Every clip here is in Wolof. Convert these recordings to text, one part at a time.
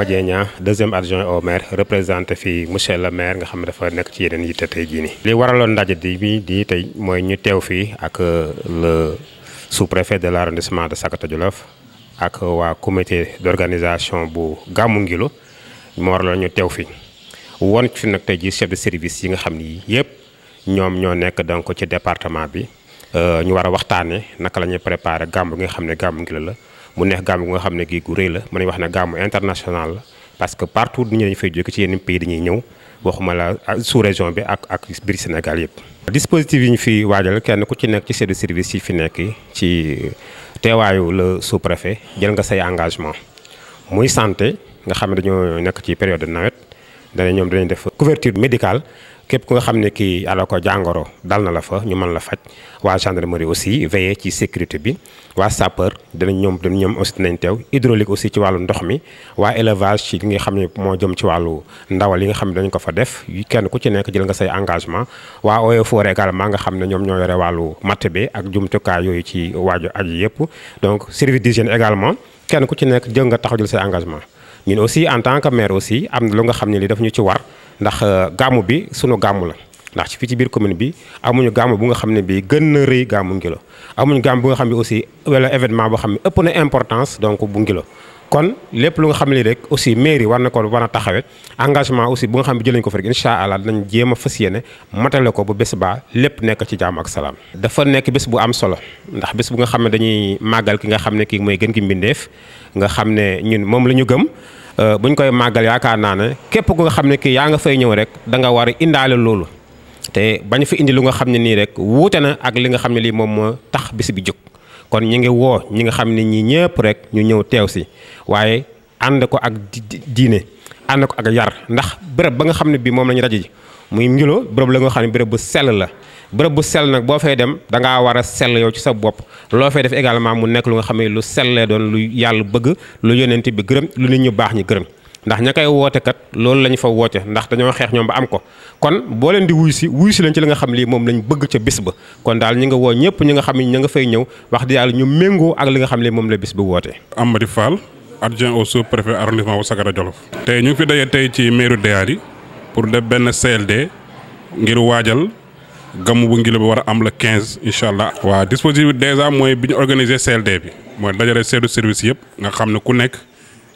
Ouma Dieng deuxième adjoint au maire représenté fii monsieur le maire nga xam ne dafa nekk ci yeneen yitte tey jii nii. li waraloon ndaje bi di tey mooy ñu teew fii ak euh, le sous-préfet de l'arrondissement de Sakata Jolof ak waa comité d'organisation bu Gàmmu Ngilu moo waraloon ñu teew fi won fi nag tey jii chef de service yi nga xam ni yëpp ñoom ñoo nekk donc ci département bi euh, ñu war a waxtaanee naka la ñuy préparer gàmmu gi nga xam ne Gàmmu ngilo la. mu neex gàmm nga xam ne gii gu rëy la mën nañu wax ne gàmm international la parce que partout nit ñu dañu fay jóge ci yenn pays dañuy ñëw waxuma la sous région bi ak ak biir Sénégal yëpp. dispositif yi ñu fi waajal kenn ku ci nekk ci chef de service yi fi nekk ci teewaayu le sous préfet jël nga say engagement muy santé nga xam ne dañoo nekk ci période de nawet. dana ñoom danañ def couverture médicale képp ku nga xam ne kii ala ko jàngoro dal na la fa ñu man la faj waa gendarmerie aussi veiller ci sécurité bi waa sapeur danañ ñoom danañ ñoom aussi dinañ teew hydraulique aussi ci wàllu ndox mi waa élevage ci li nga xam ne moo jëm ci wàllu ndawal yi nga xam ne dañu ko fa def kenn ku ci nekk jël nga say engagement waa Eaux et Forêts également nga xam ne ñoom ñoo yore wàllu matt bi ak jumtukaay yooyu ci waaju aji yëpp donc service d'hygiène également kenn ku ci nekk jël nga taxaw jël say engagement ñun aussi en tant que maire aussi am na lu nga xam ne li daf ñu ci war ndax euh, gàmmu bi sunu gàmmu la ndax ci fii ci biir commune bi amuñu gàmmu bu nga xam ne bi gën na rëy gàmmu Ngilo amuñu gàmmu bu nga xam ne aussi wala événement boo xam ne ëpp na importance donc bu Ngilo kon lepp lu nga xam ne rek aussi mairie war na ko wana taxawé engagement aussi bu nga xam bi jël nañ ko fa rek allah dinañ jéem ko bu bés ba lepp nekk ci jamm ak salam dafa nekk bu am solo ndax bés bu nga xam dañuy magal ki nga xam ne kii mooy gën ki mbindef nga xam ne ñun mom lañu ñu gëm euh, buñ koy magal yaakaar naa ne képp ko nga xam ne kii nga fay ñëw rek da nga war indalé loolu te bañ fi indi lu nga xam ni rek wuté na ak li nga xam tax bi juk kon ñu ngi woo ñi nga xam ne ñii ñëpp rek ñu ñëw teew si waaye ànd ko ak diine ànd ko ak yar ndax bërëb ba nga xam ne bii moom la ñu rajo ji muy ngilo bërëb la nga xam ne bërëb bu sell la bërëb bu sell nag boo fay dem da ngaa war a sell yow ci sa bopp loo fay def également mu nekk lu nga xam ne lu sellee doon lu yàlla bëgg lu yonent bi gërëm lu nit ñu baax ñi gërëm ndax ña koy woote kat loolu lañu fa woote ndax dañoo xeex ñoom ba am ko kon boo leen di wuy si wuy si lañ ci li nga xam lii moom lañ bëgg ca bis ba kon daal ñi nga woo ñëpp ñi nga xam ni ñu nga fay ñëw wax di yàlla ñu méngoo ak li nga xam lii moom la bis bi woote. Amady Fall adjoint au sous-préfet arrondissement bu Sagara Jolof. tey ñu fi daje tey ci mairie Daary pour def benn CLD ngir waajal gamu bu ngilo bi war a am la 15 incha allah. waa dispositif bi dèjà mooy bi ñu organiser CLD bi mooy dajale chef service yëpp nga xam ne ku nekk.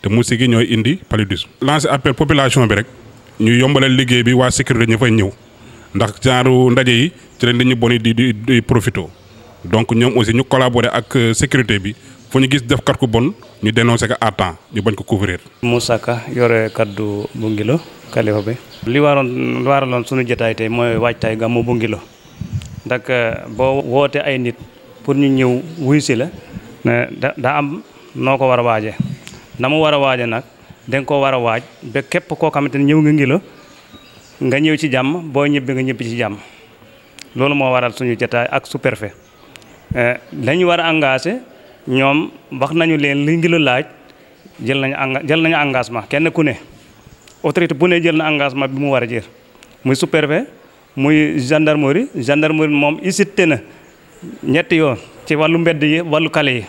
te moustiques yi ñooy indi paludisme. lancé appel population bi rek ñu yombalal liggéey bi waa sécurité ñu fay ñëw ndax genre ndaje yi ci lañ ñu boni di di di profito donc ñoom aussi ñu collaborer ak euh, sécurité bi fu ñu gis def kat ko bon ñu dénoncer ko à temps ñu bañ ko couvrir. Moussa Ka yore kaddu bu Ngilo kalifa bi. li waroon waraloon suñu jotaay tey mooy waajtaay gàmmu bu Ngilo ndax euh, boo wootee ay nit pour ñu ñëw wuy si la daa am noo ko war a waajee. na mu war a waaje nag da koo war a waaj ba képp koo xamante ni ñëw nga ngi la nga ñëw ci jàmm boo ñibbi nga ñibbi ci jàmm loolu moo waral suñu jataay ak sous-préfet eh, lañu war a engagé ñoom wax nañu leen li ngi laaj jël nañu enga jël engagement kenn ku ne autorité bu ne jël na engagement bi mu war a jël muy sous-préfet muy gendarmerie gendarmerie moom isite na ñetti yoon ci wàllu mbedd yi wàllu kale yi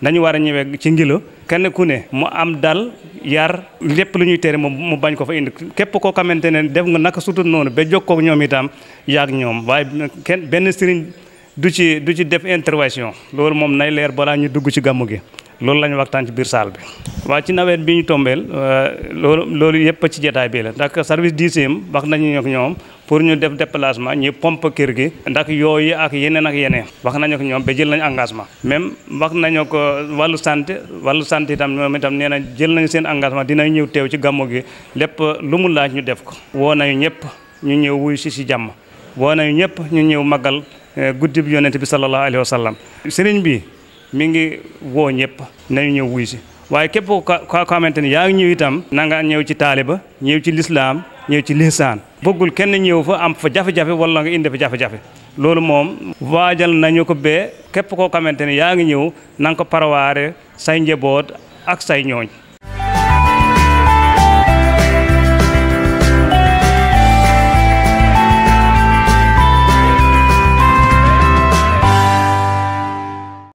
nañu war a ñëwee ci ngila kenn ku ne mu am dal yar lépp lu ñuy tere moom mu bañ ko fa indi képp koo xamante ne def nga naka sutut noonu ba jokkoo ñoom itam yaag ñoom waaye kenn benn sëriñ du ci du ci def intervention loolu moom nay leer balaa ñu dugg ci gàmmu gi loolu la ñu waxtaan ci biir salle bi. waaw ci nawet bi ñu tombeel euh, loolu loolu yëpp ci jeetaay bii la ndax service d'hygiène wax nañu ak ñoom pour ñu def déplacement ñu pomp kër gi. ndax yooyu ak yeneen ak yeneen. wax nañu ko ñoom ba jël nañu engagement. même wax nañu ko wàllu sant wàllu santé itam ñoom itam nee na jël nañu seen engagement dinañ ñëw teew ci gàmmu gi lépp lu mu laaj ñu def ko. woo nañu ñëpp ñu ñëw wuy si si jàmm woo nañu ñëpp ñu ñëw màggal euh, guddib yonent bi sallallahu alayhi sallam sëriñ bi. mi ngi woo ñëpp nañu ñëw wuy waaye képp ko ko xamante ni yaa ngi ñëw itam na ñëw ci taaliba ñëw ci lislaam ñëw ci lisaan bëggul kenn ñëw fa am fa jafe-jafe wala nga indi fa jafe-jafe loolu moom waajal nañu ko bee képp koo xamante ni yaa ngi ñëw nanga nga ko parawaare say njaboot ak say ñooñ